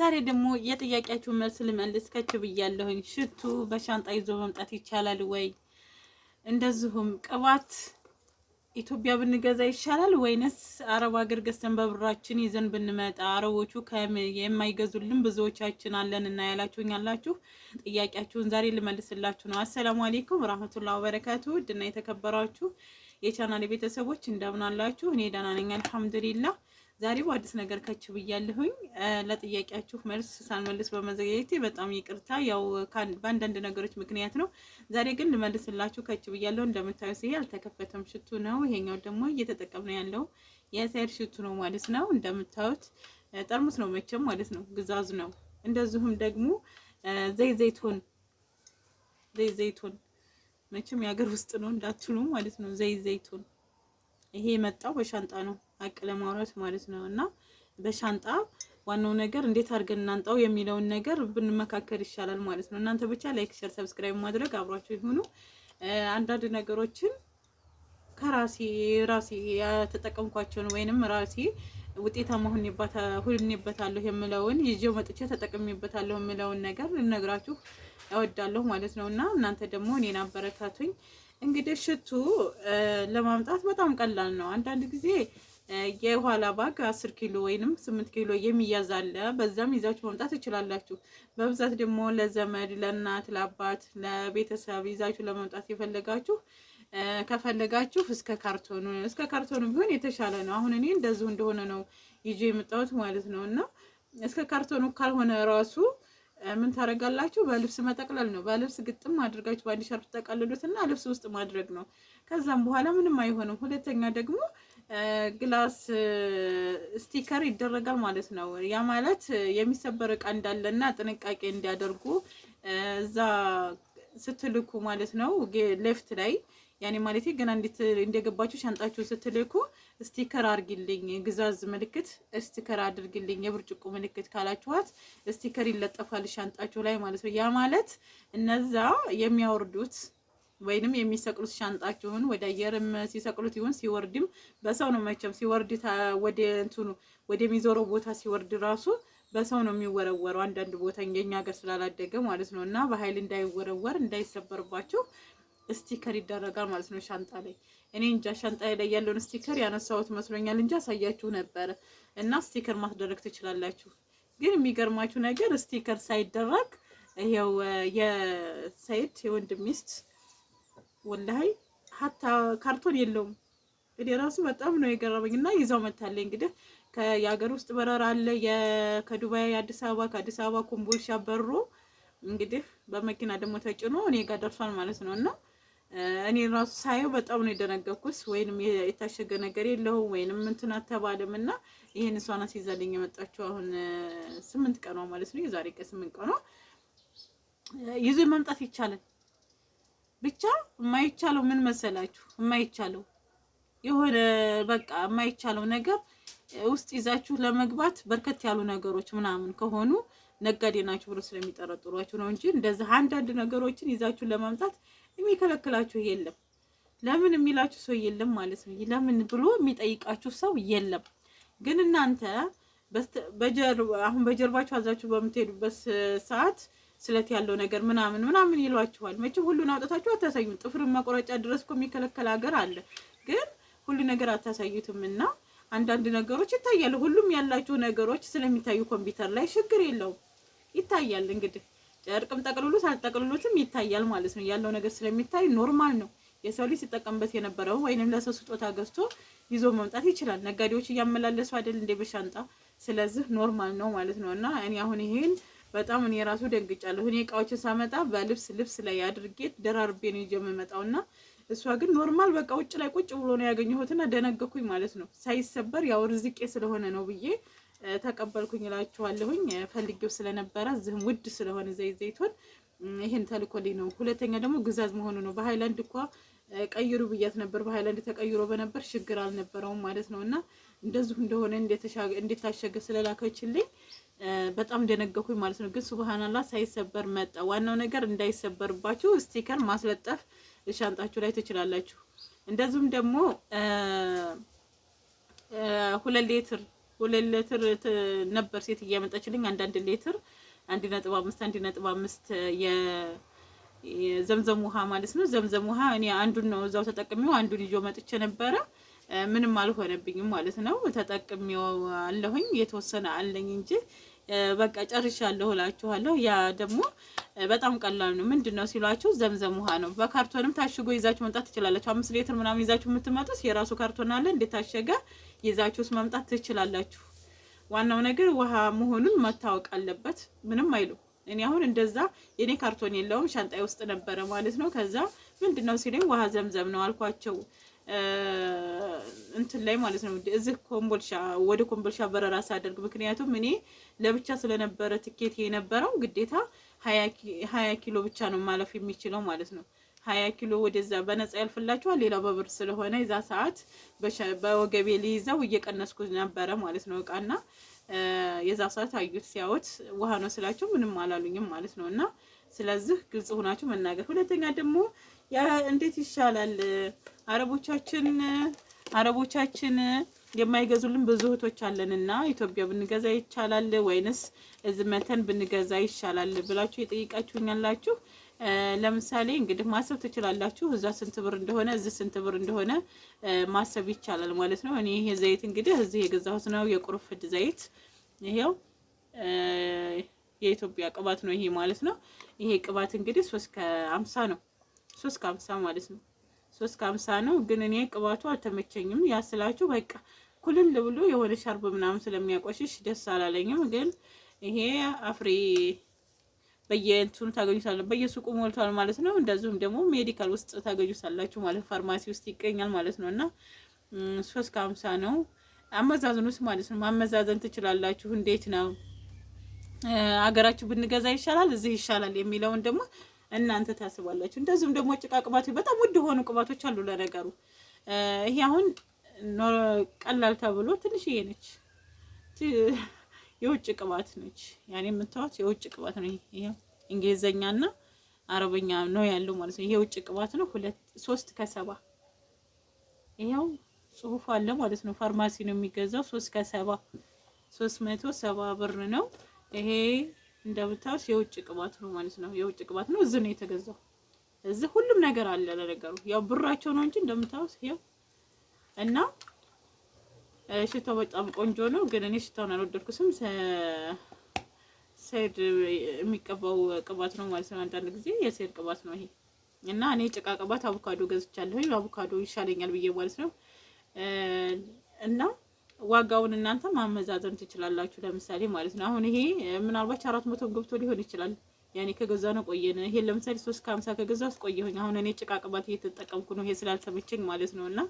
ዛሬ ደግሞ የጥያቄያችሁ መልስ ልመልስ ከች ብያለሁኝ። ሽቱ በሻንጣ ይዞ መምጣት ይቻላል ወይ? እንደዚሁም ቅባት ኢትዮጵያ ብንገዛ ይሻላል ወይንስ አረብ ሀገር ገዝተን በብራችን ይዘን ብንመጣ? አረቦቹ የማይገዙልን ብዙዎቻችን አለን እና ያላችሁኝ ያላችሁ ጥያቄያችሁን ዛሬ ልመልስላችሁ ነው። አሰላሙ አሌይኩም ራህመቱላ ወበረካቱ ውድና የተከበራችሁ የቻናል ቤተሰቦች እንደምን አላችሁ? እኔ ደህና ነኝ አልሐምዱሊላህ። ዛሬ በአዲስ ነገር ከች ብያለሁኝ። ለጥያቄያችሁ መልስ ሳልመልስ በመዘጋጀቴ በጣም ይቅርታ። ያው በአንዳንድ ነገሮች ምክንያት ነው። ዛሬ ግን ልመልስላችሁ ከች ብያለሁ። እንደምታዩት ይሄ አልተከፈተም ሽቱ ነው። ይሄኛው ደግሞ እየተጠቀምነው ያለው የሳይድ ሽቱ ነው ማለት ነው። እንደምታዩት ጠርሙስ ነው መቼም ማለት ነው፣ ግዛዝ ነው። እንደዚሁም ደግሞ ዘይ ዘይቱን ዘይ ዘይቱን መቼም የሀገር ውስጥ ነው እንዳትሉ ማለት ነው። ዘይ ዘይቱን ይሄ የመጣው በሻንጣ ነው፣ ሀቅ ለማውራት ማለት ነው። እና በሻንጣ ዋናው ነገር እንዴት አድርገን እናንጣው የሚለውን ነገር ብንመካከል ይሻላል ማለት ነው። እናንተ ብቻ ላይክ፣ ሸር፣ ሰብስክራይብ ማድረግ አብሯቸው የሆኑ አንዳንድ ነገሮችን ከራሴ ራሴ የተጠቀምኳቸውን ወይንም ራሴ ውጤታማ ሁኔበታለሁ የምለውን ይዤው መጥቼ ተጠቅሜበታለሁ የምለውን ነገር ልነግራችሁ እወዳለሁ ማለት ነው እና እናንተ ደግሞ እኔን አበረታቱኝ። እንግዲህ ሽቱ ለማምጣት በጣም ቀላል ነው። አንዳንድ ጊዜ የኋላ ባግ አስር ኪሎ ወይንም ስምንት ኪሎ የሚያዝ አለ። በዛም ይዛችሁ መምጣት ትችላላችሁ። በብዛት ደግሞ ለዘመድ ለእናት፣ ለአባት፣ ለቤተሰብ ይዛችሁ ለመምጣት የፈለጋችሁ ከፈለጋችሁ እስከ ካርቶኑ እስከ ካርቶኑ ቢሆን የተሻለ ነው። አሁን እኔ እንደዚሁ እንደሆነ ነው ይዤ የመጣሁት ማለት ነው እና እስከ ካርቶኑ ካልሆነ ራሱ ምን ታደርጋላችሁ? በልብስ መጠቅለል ነው። በልብስ ግጥም አድርጋችሁ በአንድ ሸርፍ እና ልብስ ውስጥ ማድረግ ነው። ከዛም በኋላ ምንም አይሆንም። ሁለተኛ ደግሞ ግላስ ስቲከር ይደረጋል ማለት ነው። ያ ማለት የሚሰበር እቃ እንዳለና ጥንቃቄ እንዲያደርጉ እዛ ስትልኩ ማለት ነው ሌፍት ላይ ያኔ ማለት ገና እንዴት እንደገባችሁ ሻንጣችሁን ስትልኩ ስቲከር አድርጊልኝ፣ ግዛዝ ምልክት ስቲከር አድርግልኝ የብርጭቆ ምልክት ካላችኋት ስቲከር ይለጠፋል ሻንጣችሁ ላይ ማለት ነው። ያ ማለት እነዛ የሚያወርዱት ወይንም የሚሰቅሉት ሻንጣችሁን ወደ አየርም ሲሰቅሉት ይሁን ሲወርድም በሰው ነው መቼም ሲወርድ ወደ እንትኑ ወደሚዞረው ቦታ ሲወርድ ራሱ በሰው ነው የሚወረወረው። አንዳንድ ቦታ የኛ ሀገር ስላላደገ ማለት ነው። እና በኃይል እንዳይወረወር እንዳይሰበርባቸው ስቲከር ይደረጋል ማለት ነው ሻንጣ ላይ። እኔ እንጃ ሻንጣ ላይ ያለውን ስቲከር ያነሳሁት መስሎኛል እንጂ አሳያችሁ ነበረ። እና ስቲከር ማስደረግ ትችላላችሁ። ግን የሚገርማችሁ ነገር ስቲከር ሳይደረግ ይሄው የሰይድ የወንድ ሚስት ወላሂ ሀታ ካርቶን የለውም። እኔ ራሱ በጣም ነው የገረመኝ። እና ይዛው መታለኝ እንግዲህ የሀገር ውስጥ በረራ አለ፣ ከዱባይ አዲስ አበባ፣ ከአዲስ አበባ ኮምቦልቻ በሮ እንግዲህ በመኪና ደግሞ ተጭኖ እኔ ጋር ደርሷል ማለት ነው። እና እኔ ራሱ ሳየው በጣም ነው የደነገኩስ ወይንም የታሸገ ነገር የለውም ወይንም እንትን አተባለም እና ይህን እሷን አስይዛልኝ የመጣችው አሁን ስምንት ቀኗ ማለት ነው። የዛሬ ቀን ስምንት ቀኗ ይዞ መምጣት ይቻላል። ብቻ የማይቻለው ምን መሰላችሁ? የማይቻለው የሆነ በቃ የማይቻለው ነገር ውስጥ ይዛችሁ ለመግባት በርከት ያሉ ነገሮች ምናምን ከሆኑ ነጋዴ ናችሁ ብሎ ስለሚጠረጥሯችሁ ነው እንጂ እንደዚህ አንዳንድ ነገሮችን ይዛችሁ ለማምጣት የሚከለክላችሁ የለም። ለምን የሚላችሁ ሰው የለም ማለት ነው። ለምን ብሎ የሚጠይቃችሁ ሰው የለም። ግን እናንተ አሁን በጀርባችሁ አዛችሁ በምትሄዱበት ሰዓት ስለት ያለው ነገር ምናምን ምናምን ይሏችኋል። መቼም ሁሉን አውጥታችሁ አታሳዩም። ጥፍርን መቁረጫ ድረስ እኮ የሚከለከል ሀገር አለ። ግን ሁሉ ነገር አታሳዩትም እና አንዳንድ ነገሮች ይታያሉ። ሁሉም ያላችሁ ነገሮች ስለሚታዩ ኮምፒውተር ላይ ችግር የለውም ይታያል። እንግዲህ ጨርቅም ጠቅልሉት አልጠቅልሉትም ይታያል ማለት ነው። ያለው ነገር ስለሚታይ ኖርማል ነው። የሰው ልጅ ሲጠቀምበት የነበረው ወይንም ለሰው ስጦታ ገዝቶ ይዞ መምጣት ይችላል። ነጋዴዎች እያመላለሱ አይደል እንደ በሻንጣ ስለዚህ ኖርማል ነው ማለት ነው። እና እኔ አሁን ይሄን በጣም እኔ ራሱ ደንግጫለሁ። እኔ እቃዎችን ሳመጣ በልብስ ልብስ ላይ አድርጌ ደራርቤ ነው ይዤ የምመጣው እና እሷ ግን ኖርማል በቃ ውጭ ላይ ቁጭ ብሎ ነው ያገኘሁትና ደነገኩኝ ማለት ነው። ሳይሰበር ያው ርዝቄ ስለሆነ ነው ብዬ ተቀበልኩኝ እላችኋለሁኝ። ፈልጌው ስለነበረ እዚህም ውድ ስለሆነ ዘይት ዘይቶን ይሄን ተልኮልኝ ነው። ሁለተኛ ደግሞ ግዛዝ መሆኑ ነው። በሃይላንድ እኳ ቀይሩ ብያት ነበር። በሃይላንድ ተቀይሮ በነበር ችግር አልነበረውም ማለት ነው። እና እንደዚሁ እንደሆነ እንደታሸገ ስለላከችልኝ በጣም ደነገኩኝ ማለት ነው። ግን ሱብሃናላ ሳይሰበር መጣ። ዋናው ነገር እንዳይሰበርባችሁ ስቲከር ማስለጠፍ ሻንጣችሁ ላይ ትችላላችሁ። እንደዚሁም ደግሞ ሁለት ሌትር ሁለት ሌትር ነበር ሴት እያመጣችልኝ አንዳንድ ሌትር አንድ ነጥብ አምስት አንድ ነጥብ አምስት የዘምዘም ውሃ ማለት ነው። ዘምዘም ውሃ እኔ አንዱን ነው እዛው ተጠቅሜው አንዱን ይዞ መጥቼ ነበረ። ምንም አልሆነብኝም ማለት ነው። ተጠቅሜው አለሁኝ የተወሰነ አለኝ እንጂ በቃ ጨርሻለሁ እላችኋለሁ። ያ ደግሞ በጣም ቀላል ነው። ምንድን ነው ሲሏችሁ ዘምዘም ውሃ ነው። በካርቶንም ታሽጎ ይዛችሁ መምጣት ትችላላችሁ። አምስት ሌትር ምናምን ይዛችሁ የምትመጡት የራሱ ካርቶን አለ። እንደታሸገ ይዛችሁስ መምጣት ትችላላችሁ። ዋናው ነገር ውሃ መሆኑን መታወቅ አለበት። ምንም አይሉ እኔ አሁን እንደዛ የኔ ካርቶን የለውም ሻንጣይ ውስጥ ነበረ ማለት ነው። ከዛ ምንድን ነው ሲለኝ ውሃ ዘምዘም ነው አልኳቸው። እንትን ላይ ማለት ነው እዚህ ኮምቦልሻ ወደ ኮምቦልሻ በረራ ሳደርግ፣ ምክንያቱም እኔ ለብቻ ስለነበረ ትኬት የነበረው ግዴታ ሀያ ኪሎ ብቻ ነው ማለፍ የሚችለው ማለት ነው። ሀያ ኪሎ ወደዛ በነጻ ያልፍላችኋል። ሌላው በብር ስለሆነ የዛ ሰዓት በወገቤ ልይዘው እየቀነስኩ ነበረ ማለት ነው እቃና የዛ ሰዓት አዩት ሲያወት ውሃ ነው ስላቸው ምንም አላሉኝም ማለት ነው። እና ስለዚህ ግልጽ ሆናችሁ መናገር። ሁለተኛ ደግሞ እንዴት ይሻላል? አረቦቻችን አረቦቻችን የማይገዙልን ብዙ እህቶች አለንና ኢትዮጵያ ብንገዛ ይቻላል ወይንስ እዚህ መተን ብንገዛ ይሻላል ብላችሁ የጠይቃችሁኛላችሁ። ለምሳሌ እንግዲህ ማሰብ ትችላላችሁ። እዛ ስንት ብር እንደሆነ እዚህ ስንት ብር እንደሆነ ማሰብ ይቻላል ማለት ነው። እኔ ይሄ ዘይት እንግዲህ እዚህ የገዛሁት ነው፣ የቁርፍድ ዘይት ይሄው የኢትዮጵያ ቅባት ነው ይሄ ማለት ነው። ይሄ ቅባት እንግዲህ ሶስት ከአምሳ ነው ሶስት ከሀምሳ ማለት ነው። ሶስት ከሀምሳ ነው። ግን እኔ ቅባቱ አልተመቸኝም። ያስላችሁ በቃ ኩልል ብሎ የሆነ ሻርብ ምናምን ስለሚያቆሽሽ ደስ አላለኝም። ግን ይሄ አፍሬ በየእንትኑ ታገኙታለ በየሱቁ ሞልቷል ማለት ነው። እንደዚሁም ደግሞ ሜዲካል ውስጥ ታገኙታላችሁ ማለት ፋርማሲ ውስጥ ይገኛል ማለት ነው። እና ሶስት ከሀምሳ ነው አመዛዝን ማለት ነው። ማመዛዘን ትችላላችሁ። እንዴት ነው አገራችሁ ብንገዛ ይሻላል፣ እዚህ ይሻላል የሚለውን ደግሞ እናንተ ታስባላችሁ። እንደዚሁም ደግሞ ጭቃ ቅባቶች፣ በጣም ውድ የሆኑ ቅባቶች አሉ። ለነገሩ ይሄ አሁን ቀላል ተብሎ ትንሽዬ ነች፣ የውጭ ቅባት ነች። ያኔ የምታዩት የውጭ ቅባት ነው። ይሄ እንግሊዘኛ እንግሊዘኛና አረበኛ ነው ያለው ማለት ነው። ይሄ የውጭ ቅባት ነው። ሁለት ሶስት ከሰባ ይሄው ጽሁፍ አለ ማለት ነው። ፋርማሲ ነው የሚገዛው። ሶስት ከሰባ ሶስት መቶ ሰባ ብር ነው ይሄ እንደምታዩት የውጭ ቅባት ነው ማለት ነው። የውጭ ቅባት ነው። እዚህ ነው የተገዛው። እዚህ ሁሉም ነገር አለ። ለነገሩ ያው ብራቸው ነው እንጂ እንደምታዩት ይኸው እና ሽታው በጣም ቆንጆ ነው። ግን እኔ ሽታውን አልወደድኩትም። ሰይድ የሚቀባው ቅባት ነው ማለት ነው። አንዳንድ ጊዜ የሰይድ ቅባት ነው ይሄ እና እኔ ጭቃ ቅባት አቮካዶ ገዝቻለሁ። አቮካዶ ይሻለኛል ብዬ ማለት ነው እና ዋጋውን እናንተ ማመዛዘን ትችላላችሁ። ለምሳሌ ማለት ነው አሁን ይሄ ምናልባት አራት መቶም ገብቶ ሊሆን ይችላል። ያኔ ከገዛ ነው ቆየን። ይሄን ለምሳሌ ሶስት ከሀምሳ ከገዛ አስቆየሁኝ። አሁን እኔ ጭቃ ቅባት እየተጠቀምኩ ነው፣ ይሄ ስላልተመቸኝ ማለት ነው። እና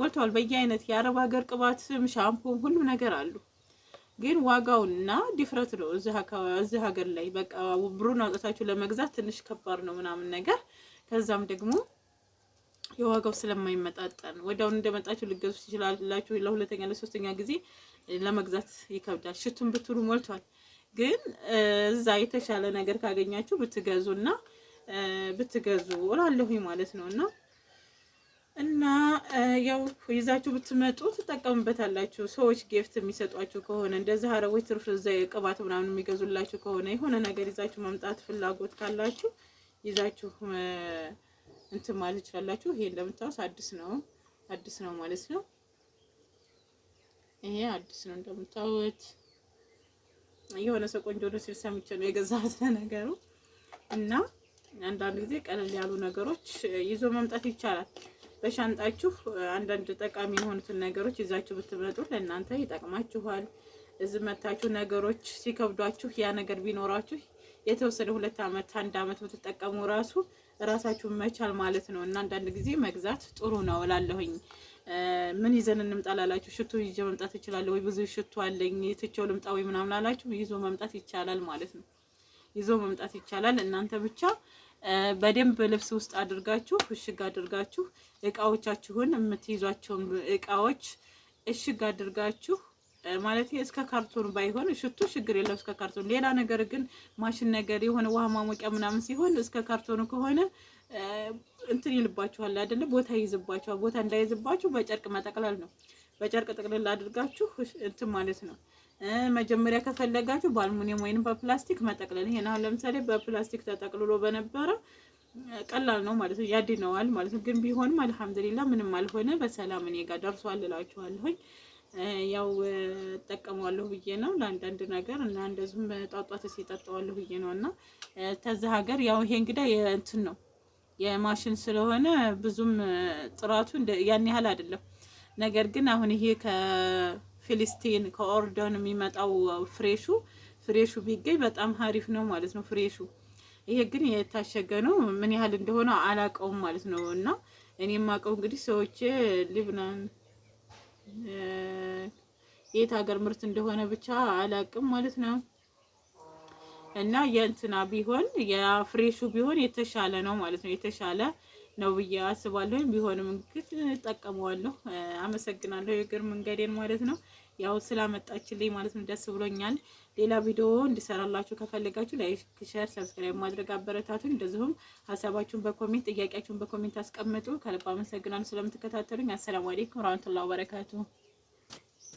ሞልተዋል። በየአይነት የአረብ ሀገር ቅባትም ሻምፖም ሁሉም ነገር አሉ። ግን ዋጋውና ዲፍረት ነው እዚህ ሀገር ላይ በቃ ብሩን አውጥታችሁ ለመግዛት ትንሽ ከባድ ነው ምናምን ነገር ከዛም ደግሞ የዋጋው ስለማይመጣጠን ወዲያውኑ እንደመጣችሁ ልገዙ ትችላላችሁ። ለሁለተኛ ለሶስተኛ ጊዜ ለመግዛት ይከብዳል። ሽቱን ብትሉ ሞልቷል። ግን እዛ የተሻለ ነገር ካገኛችሁ ብትገዙ እና ብትገዙ እላለሁኝ ማለት ነው እና እና ያው ይዛችሁ ብትመጡ ትጠቀሙበታላችሁ። ሰዎች ጌፍት የሚሰጧችሁ ከሆነ እንደዚህ አረቦች ትርፍ ቅባት ምናምን የሚገዙላችሁ ከሆነ የሆነ ነገር ይዛችሁ መምጣት ፍላጎት ካላችሁ ይዛችሁ እንትን ማለት ትችላላችሁ። ይሄ እንደምታውስ አዲስ ነው አዲስ ነው ማለት ነው። ይሄ አዲስ ነው እንደምታውት የሆነ ሰው ቆንጆ ነው ሲል ሰምቼ ነው የገዛሁት ነገሩ። እና አንዳንድ ጊዜ ቀለል ያሉ ነገሮች ይዞ መምጣት ይቻላል። በሻንጣችሁ አንዳንድ ጠቃሚ የሆኑትን ነገሮች ይዛችሁ ብትመጡ ለእናንተ ይጠቅማችኋል። እዚህ መታችሁ ነገሮች ሲከብዷችሁ ያ ነገር ቢኖራችሁ የተወሰነ ሁለት ዓመት አንድ አመት ብትጠቀሙ ራሱ ራሳችሁን መቻል ማለት ነው። እና አንዳንድ ጊዜ መግዛት ጥሩ ነው እላለሁኝ። ምን ይዘን እንምጣ ላላችሁ ሽቶ ይዤ መምጣት እችላለሁ ወይ ብዙ ሽቶ አለኝ የትቸው ልምጣ ወይ ምናምን ላላችሁ ይዞ መምጣት ይቻላል ማለት ነው። ይዞ መምጣት ይቻላል። እናንተ ብቻ በደንብ ልብስ ውስጥ አድርጋችሁ እሽግ አድርጋችሁ እቃዎቻችሁን የምትይዟቸውን እቃዎች እሽግ አድርጋችሁ ማለት እስከ ካርቶን ባይሆን ሽቱ ችግር የለም። እስከ ካርቶን ሌላ ነገር ግን ማሽን ነገር የሆነ ውሃ ማሞቂያ ምናምን ሲሆን እስከ ካርቶኑ ከሆነ እንትን ይልባችኋል አይደለ? ቦታ ይይዝባችኋል። ቦታ እንዳይዝባችሁ በጨርቅ መጠቅለል ነው። በጨርቅ ጥቅልል አድርጋችሁ እንትን ማለት ነው። መጀመሪያ ከፈለጋችሁ በአልሙኒየም ወይም በፕላስቲክ መጠቅለል። ይሄን አሁን ለምሳሌ በፕላስቲክ ተጠቅልሎ በነበረ ቀላል ነው ማለት ነው፣ ያድነዋል ማለት ነው። ግን ቢሆንም አልሐምዱሊላ ምንም አልሆነ፣ በሰላም እኔ ጋር ደርሷል እላችኋለሁኝ። ያው እጠቀመዋለሁ ብዬ ነው ለአንዳንድ ነገር እና እንደዚሁም ጧጧት ሲጠጣዋለሁ ብዬ ነው እና ተዛ ሀገር ያው ይሄ እንግዳ የእንትን ነው የማሽን ስለሆነ ብዙም ጥራቱ ያን ያህል አይደለም። ነገር ግን አሁን ይሄ ከፊሊስቲን ከኦርዶን የሚመጣው ፍሬሹ ፍሬሹ ቢገኝ በጣም ሀሪፍ ነው ማለት ነው። ፍሬሹ ይሄ ግን የታሸገ ነው። ምን ያህል እንደሆነ አላቀውም ማለት ነው እና እኔ የማውቀው እንግዲህ ሰዎች ሊብናን የት ሀገር ምርት እንደሆነ ብቻ አላቅም ማለት ነው። እና የእንትና ቢሆን የፍሬሹ ቢሆን የተሻለ ነው ማለት ነው። የተሻለ ነው ብዬ አስባለሁ። ቢሆንም ግን እጠቀመዋለሁ። አመሰግናለሁ የእግር መንገዴን ማለት ነው። ያው ስላመጣችልኝ ማለት ነው ደስ ብሎኛል። ሌላ ቪዲዮ እንድሰራላችሁ ከፈለጋችሁ ላይክ፣ ሸር፣ ሰብስክራይብ ማድረግ አበረታቱኝ። እንደዚሁም ሀሳባችሁን በኮሜንት ጥያቄያችሁን በኮሜንት አስቀምጡ። ከልብ አመሰግናለሁ ስለምትከታተሉኝ። አሰላሙ አሌይኩም ረህመቱላሂ ወበረካቱሁ።